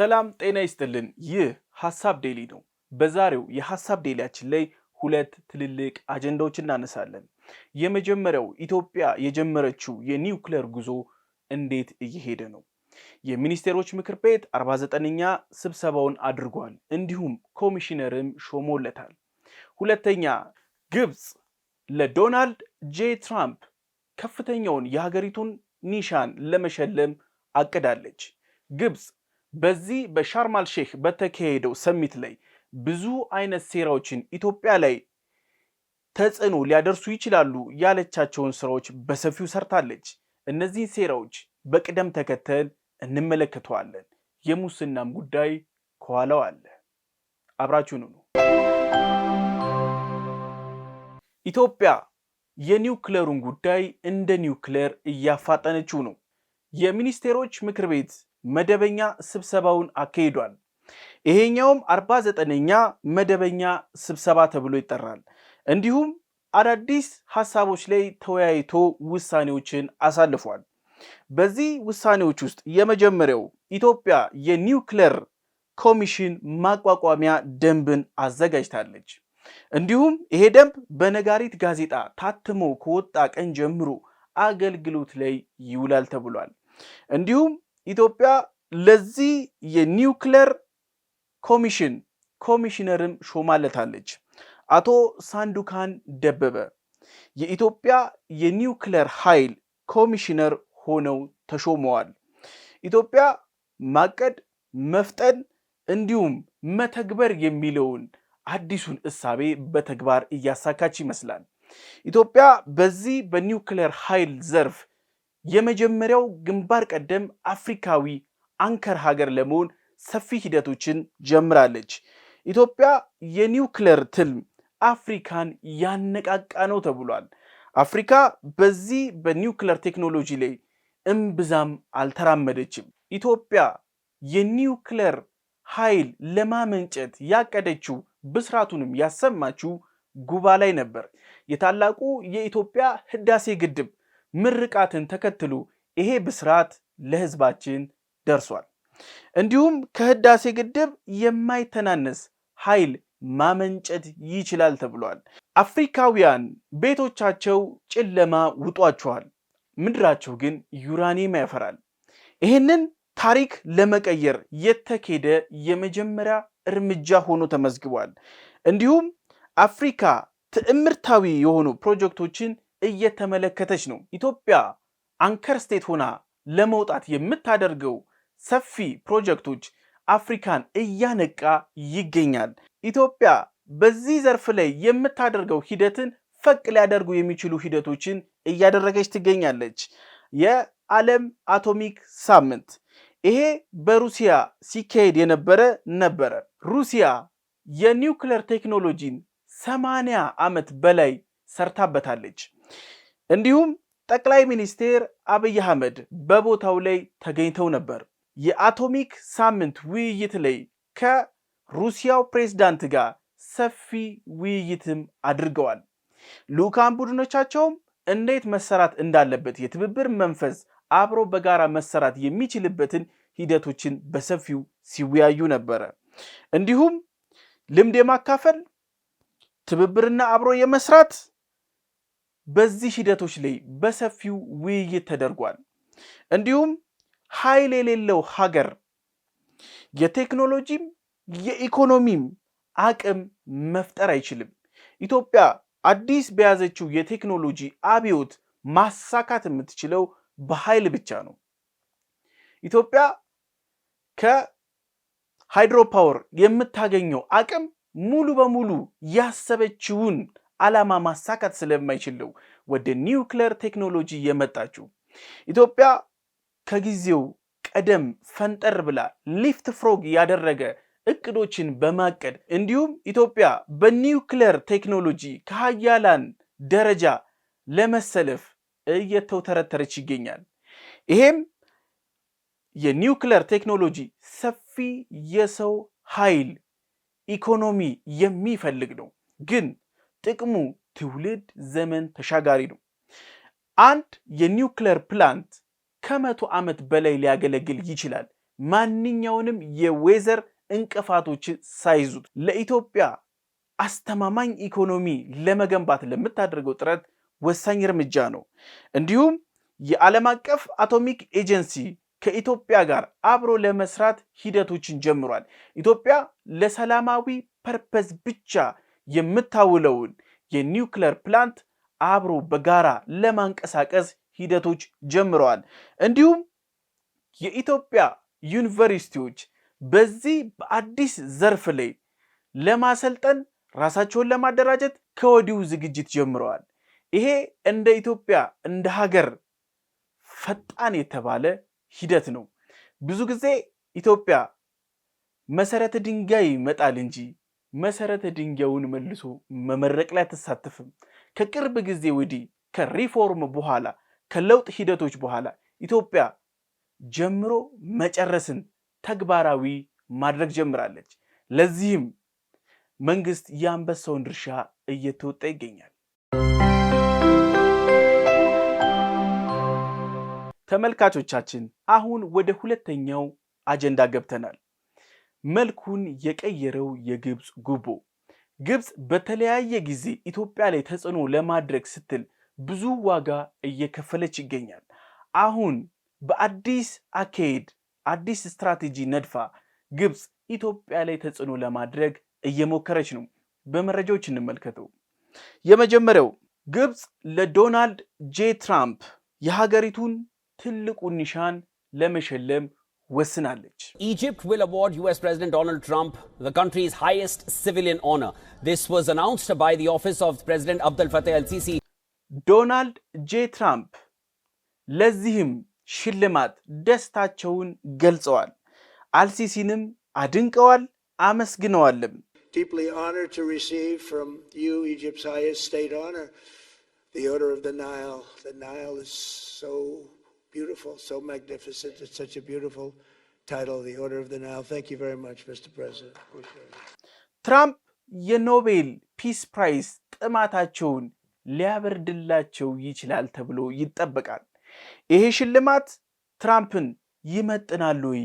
ሰላም ጤና ይስጥልን። ይህ ሀሳብ ዴሊ ነው። በዛሬው የሀሳብ ዴሊያችን ላይ ሁለት ትልልቅ አጀንዳዎች እናነሳለን። የመጀመሪያው ኢትዮጵያ የጀመረችው የኒውክሌር ጉዞ እንዴት እየሄደ ነው? የሚኒስቴሮች ምክር ቤት 49ኛ ስብሰባውን አድርጓል። እንዲሁም ኮሚሽነርም ሾሞለታል። ሁለተኛ ግብፅ ለዶናልድ ጄ ትራምፕ ከፍተኛውን የሀገሪቱን ኒሻን ለመሸለም አቅዳለች። ግብፅ በዚህ በሻርማል ሼክ በተካሄደው ሰሚት ላይ ብዙ አይነት ሴራዎችን ኢትዮጵያ ላይ ተጽዕኖ ሊያደርሱ ይችላሉ ያለቻቸውን ስራዎች በሰፊው ሰርታለች። እነዚህን ሴራዎች በቅደም ተከተል እንመለከተዋለን። የሙስናም ጉዳይ ከኋላው አለ። አብራችሁን ሁኑ። ኢትዮጵያ የኒውክለሩን ጉዳይ እንደ ኒውክለር እያፋጠነችው ነው። የሚኒስቴሮች ምክር ቤት መደበኛ ስብሰባውን አካሂዷል። ይሄኛውም አርባ ዘጠነኛ መደበኛ ስብሰባ ተብሎ ይጠራል። እንዲሁም አዳዲስ ሀሳቦች ላይ ተወያይቶ ውሳኔዎችን አሳልፏል። በዚህ ውሳኔዎች ውስጥ የመጀመሪያው ኢትዮጵያ የኒውክለር ኮሚሽን ማቋቋሚያ ደንብን አዘጋጅታለች። እንዲሁም ይሄ ደንብ በነጋሪት ጋዜጣ ታትሞ ከወጣ ቀን ጀምሮ አገልግሎት ላይ ይውላል ተብሏል። እንዲሁም ኢትዮጵያ ለዚህ የኒውክለር ኮሚሽን ኮሚሽነርም ሾማለታለች። አቶ ሳንዱካን ደበበ የኢትዮጵያ የኒውክለር ኃይል ኮሚሽነር ሆነው ተሾመዋል። ኢትዮጵያ ማቀድ፣ መፍጠን እንዲሁም መተግበር የሚለውን አዲሱን እሳቤ በተግባር እያሳካች ይመስላል። ኢትዮጵያ በዚህ በኒውክሌር ኃይል ዘርፍ የመጀመሪያው ግንባር ቀደም አፍሪካዊ አንከር ሀገር ለመሆን ሰፊ ሂደቶችን ጀምራለች። ኢትዮጵያ የኒውክሌር ትልም አፍሪካን ያነቃቃ ነው ተብሏል። አፍሪካ በዚህ በኒውክሌር ቴክኖሎጂ ላይ እምብዛም አልተራመደችም። ኢትዮጵያ የኒውክሌር ኃይል ለማመንጨት ያቀደችው ብስራቱንም ያሰማችው ጉባ ላይ ነበር። የታላቁ የኢትዮጵያ ህዳሴ ግድብ ምርቃትን ተከትሎ ይሄ ብስራት ለህዝባችን ደርሷል። እንዲሁም ከህዳሴ ግድብ የማይተናነስ ኃይል ማመንጨት ይችላል ተብሏል። አፍሪካውያን ቤቶቻቸው ጨለማ ውጧቸዋል፣ ምድራቸው ግን ዩራኒየም ያፈራል። ይህንን ታሪክ ለመቀየር የተኬደ የመጀመሪያ እርምጃ ሆኖ ተመዝግቧል። እንዲሁም አፍሪካ ትዕምርታዊ የሆኑ ፕሮጀክቶችን እየተመለከተች ነው። ኢትዮጵያ አንከር ስቴት ሆና ለመውጣት የምታደርገው ሰፊ ፕሮጀክቶች አፍሪካን እያነቃ ይገኛል። ኢትዮጵያ በዚህ ዘርፍ ላይ የምታደርገው ሂደትን ፈቅ ሊያደርጉ የሚችሉ ሂደቶችን እያደረገች ትገኛለች። የዓለም አቶሚክ ሳምንት ይሄ በሩሲያ ሲካሄድ የነበረ ነበረ። ሩሲያ የኒውክለር ቴክኖሎጂን ሰማንያ ዓመት በላይ ሰርታበታለች። እንዲሁም ጠቅላይ ሚኒስትር አብይ አህመድ በቦታው ላይ ተገኝተው ነበር። የአቶሚክ ሳምንት ውይይት ላይ ከሩሲያው ፕሬዝዳንት ጋር ሰፊ ውይይትም አድርገዋል። ልዑካን ቡድኖቻቸውም እንዴት መሰራት እንዳለበት የትብብር መንፈስ አብሮ በጋራ መሰራት የሚችልበትን ሂደቶችን በሰፊው ሲወያዩ ነበረ። እንዲሁም ልምድ የማካፈል ትብብርና አብሮ የመስራት በዚህ ሂደቶች ላይ በሰፊው ውይይት ተደርጓል። እንዲሁም ኃይል የሌለው ሀገር የቴክኖሎጂም የኢኮኖሚም አቅም መፍጠር አይችልም። ኢትዮጵያ አዲስ በያዘችው የቴክኖሎጂ አብዮት ማሳካት የምትችለው በኃይል ብቻ ነው። ኢትዮጵያ ከሃይድሮ ፓወር የምታገኘው አቅም ሙሉ በሙሉ ያሰበችውን ዓላማ ማሳካት ስለማይችለው ወደ ኒውክሌር ቴክኖሎጂ የመጣችው ኢትዮጵያ ከጊዜው ቀደም ፈንጠር ብላ ሊፍት ፍሮግ ያደረገ እቅዶችን በማቀድ እንዲሁም ኢትዮጵያ በኒውክሌር ቴክኖሎጂ ከሀያላን ደረጃ ለመሰለፍ እየተውተረተረች ይገኛል። ይሄም የኒውክለር ቴክኖሎጂ ሰፊ የሰው ኃይል ኢኮኖሚ የሚፈልግ ነው። ግን ጥቅሙ ትውልድ ዘመን ተሻጋሪ ነው። አንድ የኒውክለር ፕላንት ከመቶ ዓመት በላይ ሊያገለግል ይችላል። ማንኛውንም የዌዘር እንቅፋቶች ሳይዙት ለኢትዮጵያ አስተማማኝ ኢኮኖሚ ለመገንባት ለምታደርገው ጥረት ወሳኝ እርምጃ ነው። እንዲሁም የዓለም አቀፍ አቶሚክ ኤጀንሲ ከኢትዮጵያ ጋር አብሮ ለመስራት ሂደቶችን ጀምሯል። ኢትዮጵያ ለሰላማዊ ፐርፐዝ ብቻ የምታውለውን የኒውክለር ፕላንት አብሮ በጋራ ለማንቀሳቀስ ሂደቶች ጀምረዋል። እንዲሁም የኢትዮጵያ ዩኒቨርሲቲዎች በዚህ በአዲስ ዘርፍ ላይ ለማሰልጠን ራሳቸውን ለማደራጀት ከወዲሁ ዝግጅት ጀምረዋል። ይሄ እንደ ኢትዮጵያ እንደ ሀገር ፈጣን የተባለ ሂደት ነው። ብዙ ጊዜ ኢትዮጵያ መሰረተ ድንጋይ ይመጣል እንጂ መሰረተ ድንጋዩን መልሶ መመረቅ ላይ አትሳተፍም። ከቅርብ ጊዜ ወዲህ ከሪፎርም በኋላ ከለውጥ ሂደቶች በኋላ ኢትዮጵያ ጀምሮ መጨረስን ተግባራዊ ማድረግ ጀምራለች። ለዚህም መንግስት የአንበሳውን ድርሻ እየተወጣ ይገኛል። ተመልካቾቻችን አሁን ወደ ሁለተኛው አጀንዳ ገብተናል። መልኩን የቀየረው የግብፅ ጉቦ። ግብፅ በተለያየ ጊዜ ኢትዮጵያ ላይ ተጽዕኖ ለማድረግ ስትል ብዙ ዋጋ እየከፈለች ይገኛል። አሁን በአዲስ አካሄድ አዲስ ስትራቴጂ ነድፋ ግብፅ ኢትዮጵያ ላይ ተጽዕኖ ለማድረግ እየሞከረች ነው። በመረጃዎች እንመልከተው። የመጀመሪያው ግብፅ ለዶናልድ ጄ ትራምፕ የሀገሪቱን ትልቁ ኒሻን ለመሸለም ወስናለች። ኢጅፕት ዊል አዋርድ ዩኤስ ፕሬዚደንት ዶናልድ ትራምፕ ዘ ካንትሪስ ሃይስት ሲቪሊያን ኦነር ዚስ ዋዝ አናውንስድ ባይ ዘ ኦፊስ ኦፍ ፕሬዚደንት አብደል ፈታህ አልሲሲ። ዶናልድ ጄ ትራምፕ ለዚህም ሽልማት ደስታቸውን ገልጸዋል። አልሲሲንም አድንቀዋል፣ አመስግነዋልም። ዲፕሊ beautiful, so magnificent. It's such a beautiful title, The Order of the Nile. Thank you very much, Mr. President. ትራምፕ የኖቤል ፒስ ፕራይስ ጥማታቸውን ሊያበርድላቸው ይችላል ተብሎ ይጠበቃል። ይሄ ሽልማት ትራምፕን ይመጥናሉ ወይ?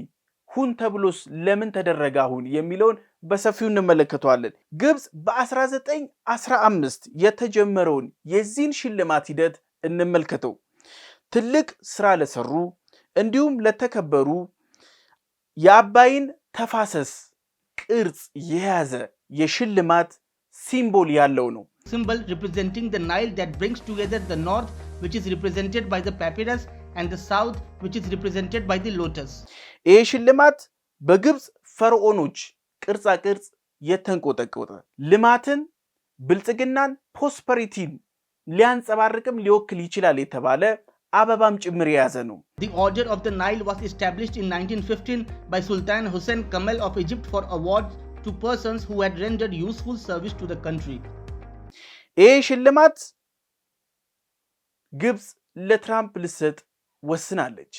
ሁን ተብሎስ ለምን ተደረገ አሁን የሚለውን በሰፊው እንመለከተዋለን። ግብፅ በ1915 የተጀመረውን የዚህን ሽልማት ሂደት እንመልከተው። ትልቅ ስራ ለሰሩ እንዲሁም ለተከበሩ የአባይን ተፋሰስ ቅርጽ የያዘ የሽልማት ሲምቦል ያለው ነው። ሲምቦል ሪፕሬዘንቲንግ ዘ ናይል ዳት ብሪንግስ ቱጌዘር ዘ ኖርት ዊች ኢዝ ሪፕሬዘንትድ ባይ ዘ ፓፒረስ ኤንድ ዘ ሳውት ዊች ኢዝ ሪፕሬዘንትድ ባይ ዘ ሎተስ። ይሄ ሽልማት በግብፅ ፈርዖኖች ቅርጻ ቅርጽ የተንቆጠቆጠ ልማትን፣ ብልጽግናን፣ ፕሮስፐሪቲን ሊያንጸባርቅም ሊወክል ይችላል የተባለ አበባም ጭምር የያዘ ነው። ዲ ኦርደር ኦፍ ዘ ናይል ዋስ ኢስታብሊሽድ ኢን 1915 ባይ ሱልጣን ሁሴን ከመል ኦፍ ኢጅፕት ፎር አዋርድ ቱ ፐርሰንስ ሁ ሃድ ረንደርድ ዩስፉል ሰርቪስ ቱ ዘ ካንትሪ። ይህ ሽልማት ግብጽ ለትራምፕ ልሰጥ ወስናለች።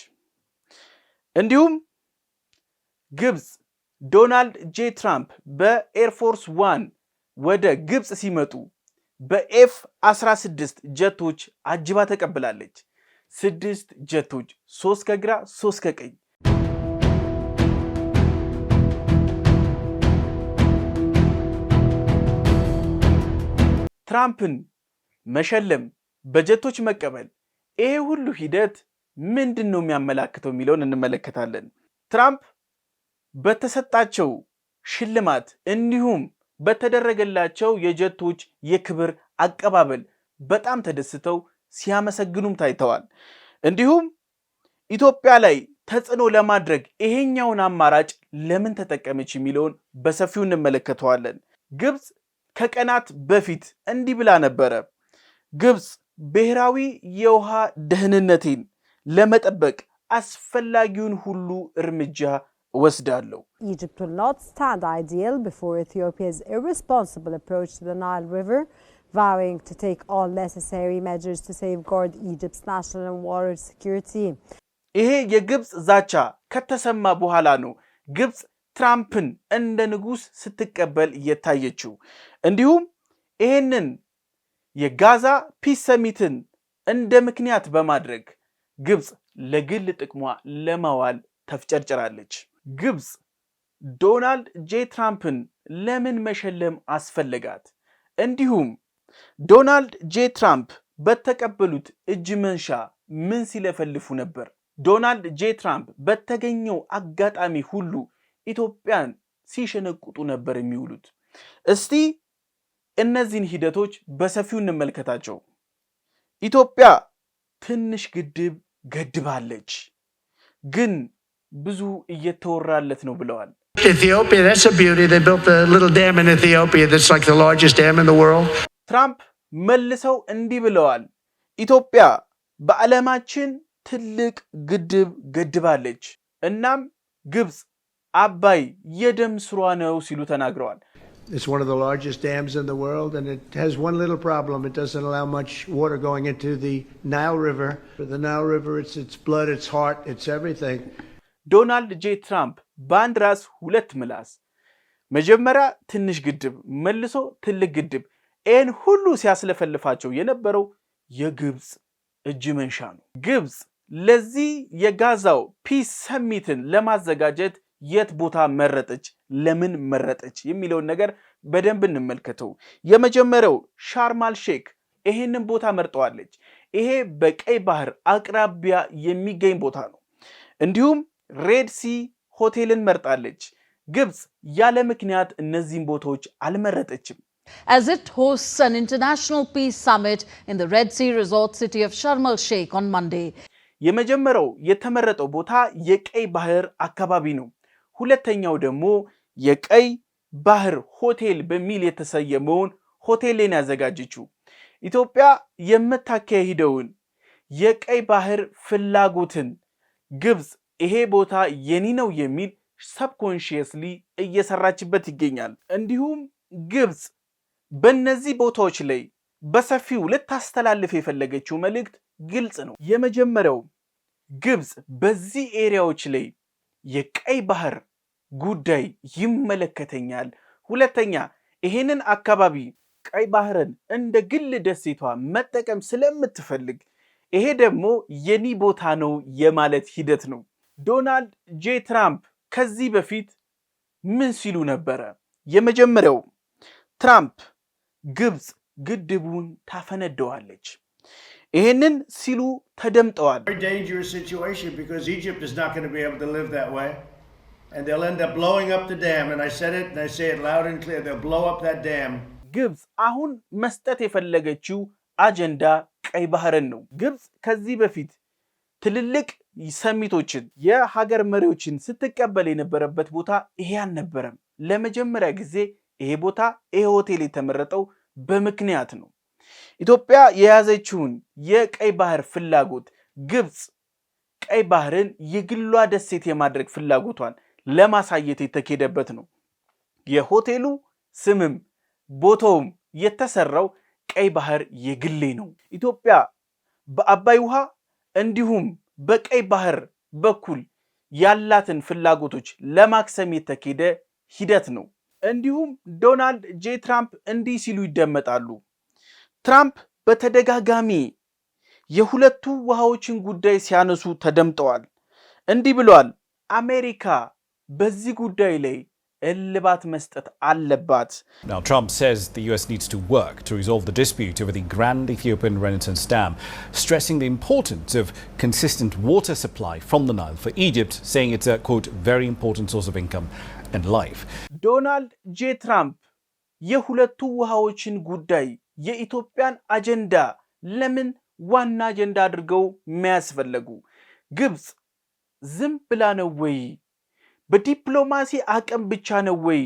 እንዲሁም ግብጽ ዶናልድ ጄ ትራምፕ በኤርፎርስ ዋን ወደ ግብጽ ሲመጡ በኤፍ 16 ጀቶች አጅባ ተቀብላለች። ስድስት ጀቶች ሶስት ከግራ ሶስት ከቀኝ ትራምፕን መሸለም በጀቶች መቀበል ይሄ ሁሉ ሂደት ምንድን ነው የሚያመላክተው የሚለውን እንመለከታለን። ትራምፕ በተሰጣቸው ሽልማት እንዲሁም በተደረገላቸው የጀቶች የክብር አቀባበል በጣም ተደስተው ሲያመሰግኑም ታይተዋል። እንዲሁም ኢትዮጵያ ላይ ተጽዕኖ ለማድረግ ይሄኛውን አማራጭ ለምን ተጠቀመች የሚለውን በሰፊው እንመለከተዋለን። ግብፅ ከቀናት በፊት እንዲህ ብላ ነበረ። ግብፅ ብሔራዊ የውሃ ደህንነቴን ለመጠበቅ አስፈላጊውን ሁሉ እርምጃ ወስዳለሁ። Egypt will not stand idle before Ethiopia's irresponsible vowing to take all necessary measures to safeguard Egypt's national and water security። ይሄ የግብፅ ዛቻ ከተሰማ በኋላ ነው ግብፅ ትራምፕን እንደ ንጉሥ ስትቀበል እየታየችው። እንዲሁም ይህንን የጋዛ ፒስ ሰሚትን እንደ ምክንያት በማድረግ ግብፅ ለግል ጥቅሟ ለማዋል ተፍጨርጭራለች። ግብፅ ዶናልድ ጄ ትራምፕን ለምን መሸለም አስፈለጋት? እንዲሁም ዶናልድ ጄ ትራምፕ በተቀበሉት እጅ መንሻ ምን ሲለፈልፉ ነበር? ዶናልድ ጄ ትራምፕ በተገኘው አጋጣሚ ሁሉ ኢትዮጵያን ሲሸነቁጡ ነበር የሚውሉት። እስቲ እነዚህን ሂደቶች በሰፊው እንመልከታቸው። ኢትዮጵያ ትንሽ ግድብ ገድባለች፣ ግን ብዙ እየተወራለት ነው ብለዋል። ኢትዮጵያ ትራምፕ መልሰው እንዲህ ብለዋል። ኢትዮጵያ በዓለማችን ትልቅ ግድብ ገድባለች፣ እናም ግብፅ አባይ የደም ስሯ ነው ሲሉ ተናግረዋል። ዶናልድ ጄ ትራምፕ በአንድ ራስ ሁለት ምላስ። መጀመሪያ ትንሽ ግድብ፣ መልሶ ትልቅ ግድብ ይህን ሁሉ ሲያስለፈልፋቸው የነበረው የግብፅ እጅ መንሻ ነው። ግብፅ ለዚህ የጋዛው ፒስ ሰሚትን ለማዘጋጀት የት ቦታ መረጠች፣ ለምን መረጠች የሚለውን ነገር በደንብ እንመልከተው። የመጀመሪያው ሻርማል ሼክ ይሄንን ቦታ መርጠዋለች። ይሄ በቀይ ባህር አቅራቢያ የሚገኝ ቦታ ነው። እንዲሁም ሬድሲ ሆቴልን መርጣለች። ግብፅ ያለ ምክንያት እነዚህን ቦታዎች አልመረጠችም። as it hosts an international peace summit in the Red Sea resort city of Sharm el Sheikh on Monday. የመጀመሪያው የተመረጠው ቦታ የቀይ ባህር አካባቢ ነው። ሁለተኛው ደግሞ የቀይ ባህር ሆቴል በሚል የተሰየመውን ሆቴልን ያዘጋጀችው ኢትዮጵያ የምታካሂደውን የቀይ ባህር ፍላጎትን ግብፅ ይሄ ቦታ የኒ ነው የሚል ሰብኮንሽየስሊ እየሰራችበት ይገኛል። እንዲሁም ግብፅ በእነዚህ ቦታዎች ላይ በሰፊው ልታስተላልፍ የፈለገችው መልእክት ግልጽ ነው። የመጀመሪያው ግብፅ በዚህ ኤሪያዎች ላይ የቀይ ባህር ጉዳይ ይመለከተኛል። ሁለተኛ ይሄንን አካባቢ ቀይ ባህርን እንደ ግል ደሴቷ መጠቀም ስለምትፈልግ ይሄ ደግሞ የኒ ቦታ ነው የማለት ሂደት ነው። ዶናልድ ጄ ትራምፕ ከዚህ በፊት ምን ሲሉ ነበረ? የመጀመሪያው ትራምፕ ግብፅ ግድቡን ታፈነደዋለች። ይህንን ሲሉ ተደምጠዋል። ግብፅ አሁን መስጠት የፈለገችው አጀንዳ ቀይ ባህርን ነው። ግብፅ ከዚህ በፊት ትልልቅ ሰሚቶችን የሀገር መሪዎችን ስትቀበል የነበረበት ቦታ ይሄ አልነበረም። ለመጀመሪያ ጊዜ ይሄ ቦታ ይሄ ሆቴል የተመረጠው በምክንያት ነው። ኢትዮጵያ የያዘችውን የቀይ ባህር ፍላጎት ግብፅ ቀይ ባህርን የግሏ ደሴት የማድረግ ፍላጎቷን ለማሳየት የተኬደበት ነው። የሆቴሉ ስምም ቦታውም የተሰራው ቀይ ባህር የግሌ ነው። ኢትዮጵያ በአባይ ውሃ እንዲሁም በቀይ ባህር በኩል ያላትን ፍላጎቶች ለማክሰም የተኬደ ሂደት ነው። እንዲሁም ዶናልድ ጄ ትራምፕ እንዲህ ሲሉ ይደመጣሉ። ትራምፕ በተደጋጋሚ የሁለቱ ውሃዎችን ጉዳይ ሲያነሱ ተደምጠዋል። እንዲህ ብለዋል። አሜሪካ በዚህ ጉዳይ ላይ እልባት መስጠት አለባት። ትራምፕ says the US needs to work to resolve the dispute over the Grand Ethiopian Renaissance Dam, stressing the importance of consistent water supply from the Nile for Egypt, saying it's a quote, very important source of income ዶናልድ ጄ ትራምፕ የሁለቱ ውሃዎችን ጉዳይ የኢትዮጵያን አጀንዳ ለምን ዋና አጀንዳ አድርገው የሚያስፈለጉ ግብፅ ዝም ብላ ነው ወይ? በዲፕሎማሲ አቅም ብቻ ነው ወይ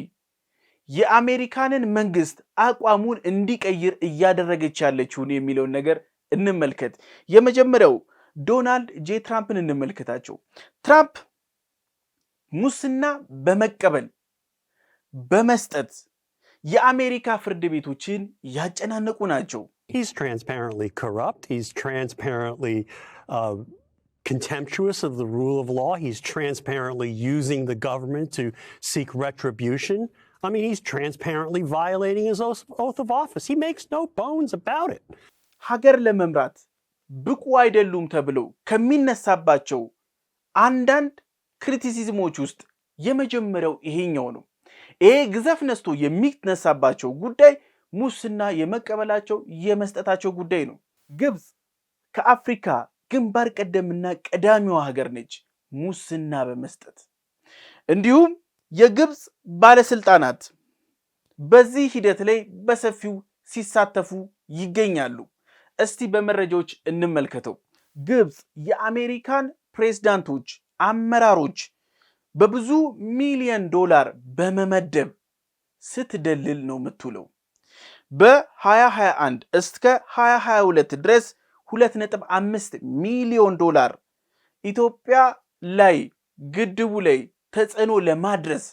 የአሜሪካንን መንግስት አቋሙን እንዲቀይር እያደረገች ያለችውን የሚለውን ነገር እንመልከት። የመጀመሪያው ዶናልድ ጄ ትራምፕን እንመልከታቸው። ትራምፕ ሙስና በመቀበል በመስጠት የአሜሪካ ፍርድ ቤቶችን ያጨናነቁ ናቸው። contemptuous of the rule of law. He's transparently using the government to seek retribution. I mean, he's transparently violating his oath of office. He makes no bones about it. ሀገር ለመምራት ብቁ አይደሉም ተብለው ከሚነሳባቸው አንዳንድ ክሪቲሲዝሞች ውስጥ የመጀመሪያው ይሄኛው ነው። ይሄ ግዘፍ ነስቶ የሚነሳባቸው ጉዳይ ሙስና የመቀበላቸው የመስጠታቸው ጉዳይ ነው። ግብፅ ከአፍሪካ ግንባር ቀደምና ቀዳሚዋ ሀገር ነች ሙስና በመስጠት እንዲሁም የግብፅ ባለስልጣናት በዚህ ሂደት ላይ በሰፊው ሲሳተፉ ይገኛሉ። እስቲ በመረጃዎች እንመልከተው። ግብፅ የአሜሪካን ፕሬዝዳንቶች አመራሮች በብዙ ሚሊዮን ዶላር በመመደብ ስትደልል ነው የምትውለው። በ2021 እስከ 2022 ድረስ 2.5 ሚሊዮን ዶላር ኢትዮጵያ ላይ ግድቡ ላይ ተጽዕኖ ለማድረስ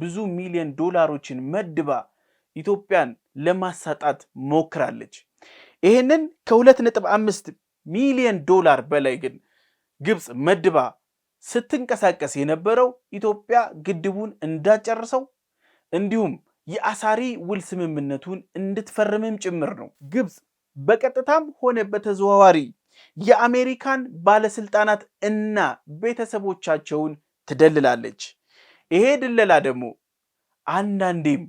ብዙ ሚሊዮን ዶላሮችን መድባ ኢትዮጵያን ለማሳጣት ሞክራለች። ይህንን ከ2.5 ሚሊዮን ዶላር በላይ ግን ግብፅ መድባ ስትንቀሳቀስ የነበረው ኢትዮጵያ ግድቡን እንዳጨርሰው እንዲሁም የአሳሪ ውል ስምምነቱን እንድትፈርምም ጭምር ነው። ግብፅ በቀጥታም ሆነ በተዘዋዋሪ የአሜሪካን ባለስልጣናት እና ቤተሰቦቻቸውን ትደልላለች። ይሄ ድለላ ደግሞ አንዳንዴም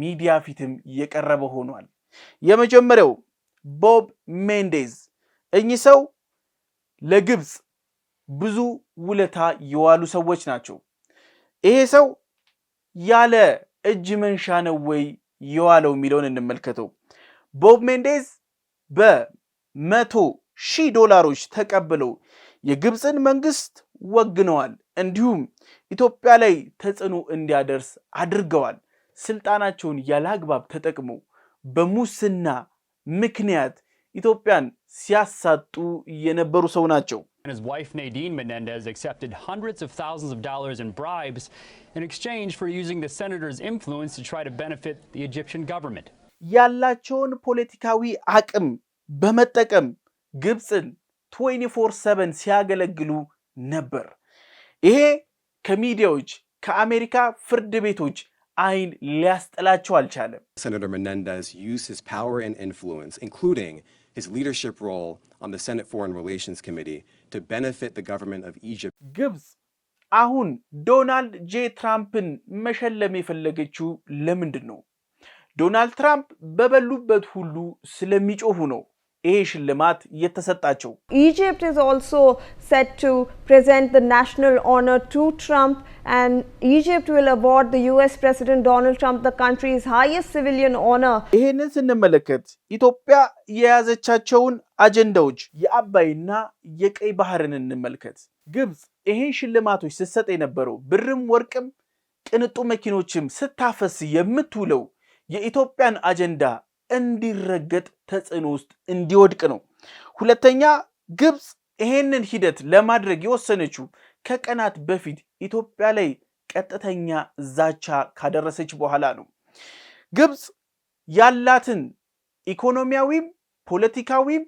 ሚዲያ ፊትም የቀረበ ሆኗል። የመጀመሪያው ቦብ ሜንዴዝ እኚህ ሰው ለግብፅ ብዙ ውለታ የዋሉ ሰዎች ናቸው። ይሄ ሰው ያለ እጅ መንሻ ነው ወይ የዋለው የሚለውን እንመልከተው። ቦብ ሜንዴዝ በመቶ ሺህ ዶላሮች ተቀብለው የግብፅን መንግስት ወግነዋል። እንዲሁም ኢትዮጵያ ላይ ተጽዕኖ እንዲያደርስ አድርገዋል። ስልጣናቸውን ያለ አግባብ ተጠቅመው በሙስና ምክንያት ኢትዮጵያን ሲያሳጡ የነበሩ ሰው ናቸው። His wife Nadine Menendez accepted hundreds of thousands of dollars in bribes in exchange for using the senator's influence to try to benefit the Egyptian government. ያላቸውን ፖለቲካዊ አቅም በመጠቀም ግብፅን 24/7 ሲያገለግሉ ነበር። ይሄ ከሚዲያዎች፣ ከአሜሪካ ፍርድ ቤቶች አይን ሊያስጠላቸው አልቻለም። Senator Menendez used his power and influence including his leadership role on the Senate Foreign Relations Committee to benefit the government of Egypt. ግብጽ አሁን ዶናልድ ጄ ትራምፕን መሸለም የፈለገችው ለምንድን ነው? ዶናልድ ትራምፕ በበሉበት ሁሉ ስለሚጮሁ ነው። ይሄ ሽልማት የተሰጣቸው። ኢጅፕት ኢዝ ኦልሶ ሴት ቱ ፕሬዘንት ናሽናል ኦነር ቱ ትራምፕ ኤንድ ኢጅፕት ዊል አዋርድ ዘ ዩኤስ ፕሬዚደንት ዶናልድ ትራምፕ ዘ ካንትሪስ ሃይስት ሲቪሊየን ኦነር። ይሄንን ስንመለከት ኢትዮጵያ የያዘቻቸውን አጀንዳዎች የአባይና የቀይ ባህርን እንመልከት። ግብፅ ይሄን ሽልማቶች ስትሰጥ የነበረው ብርም ወርቅም ቅንጡ መኪኖችም ስታፈስ የምትውለው የኢትዮጵያን አጀንዳ እንዲረገጥ ተጽዕኖ ውስጥ እንዲወድቅ ነው። ሁለተኛ ግብፅ ይሄንን ሂደት ለማድረግ የወሰነችው ከቀናት በፊት ኢትዮጵያ ላይ ቀጥተኛ ዛቻ ካደረሰች በኋላ ነው። ግብፅ ያላትን ኢኮኖሚያዊም ፖለቲካዊም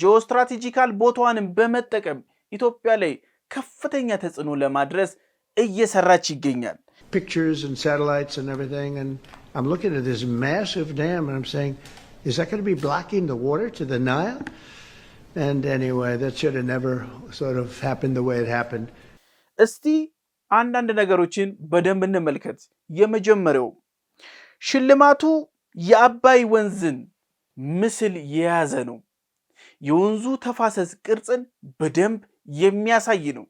ጂኦስትራቴጂካል ቦታዋንም በመጠቀም ኢትዮጵያ ላይ ከፍተኛ ተጽዕኖ ለማድረስ እየሰራች ይገኛል። I'm looking at this massive dam and I'm saying, is that going to be blocking the water to the Nile? And anyway, that should have never sort of happened the way it happened. እስቲ አንዳንድ ነገሮችን በደንብ እንመልከት። የመጀመሪያው ሽልማቱ የአባይ ወንዝን ምስል የያዘ ነው። የወንዙ ተፋሰስ ቅርጽን በደንብ የሚያሳይ ነው።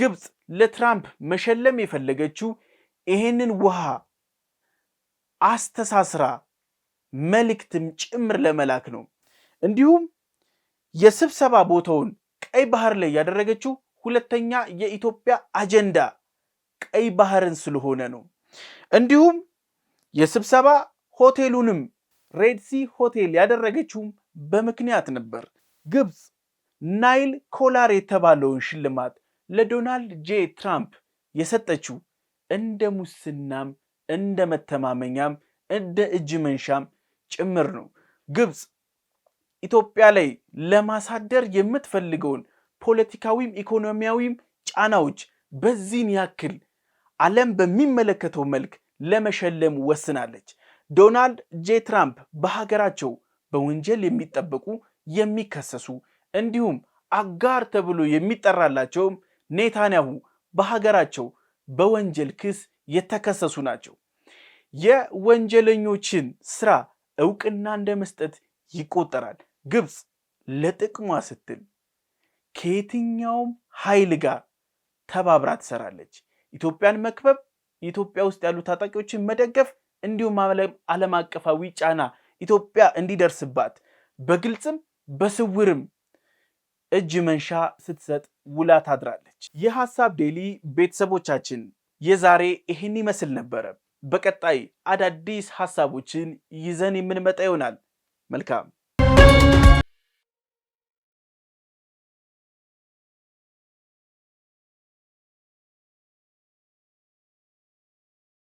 ግብፅ ለትራምፕ መሸለም የፈለገችው ይህንን ውሃ አስተሳስራ መልእክትም ጭምር ለመላክ ነው። እንዲሁም የስብሰባ ቦታውን ቀይ ባህር ላይ ያደረገችው ሁለተኛ የኢትዮጵያ አጀንዳ ቀይ ባህርን ስለሆነ ነው። እንዲሁም የስብሰባ ሆቴሉንም ሬድሲ ሆቴል ያደረገችውም በምክንያት ነበር። ግብፅ ናይል ኮላር የተባለውን ሽልማት ለዶናልድ ጄ ትራምፕ የሰጠችው እንደ ሙስናም እንደ መተማመኛም እንደ እጅ መንሻም ጭምር ነው። ግብፅ ኢትዮጵያ ላይ ለማሳደር የምትፈልገውን ፖለቲካዊም ኢኮኖሚያዊም ጫናዎች በዚህን ያክል ዓለም በሚመለከተው መልክ ለመሸለም ወስናለች። ዶናልድ ጄ ትራምፕ በሀገራቸው በወንጀል የሚጠበቁ የሚከሰሱ እንዲሁም አጋር ተብሎ የሚጠራላቸውም ኔታንያሁ በሀገራቸው በወንጀል ክስ የተከሰሱ ናቸው። የወንጀለኞችን ስራ እውቅና እንደ መስጠት ይቆጠራል። ግብፅ ለጥቅሟ ስትል ከየትኛውም ኃይል ጋር ተባብራ ትሰራለች። ኢትዮጵያን መክበብ፣ ኢትዮጵያ ውስጥ ያሉ ታጣቂዎችን መደገፍ እንዲሁም ዓለም አቀፋዊ ጫና ኢትዮጵያ እንዲደርስባት በግልጽም በስውርም እጅ መንሻ ስትሰጥ ውላ ታድራለች። የሀሳብ ዴሊ ቤተሰቦቻችን የዛሬ ይህን ይመስል ነበረ። በቀጣይ አዳዲስ ሀሳቦችን ይዘን የምንመጣ ይሆናል። መልካም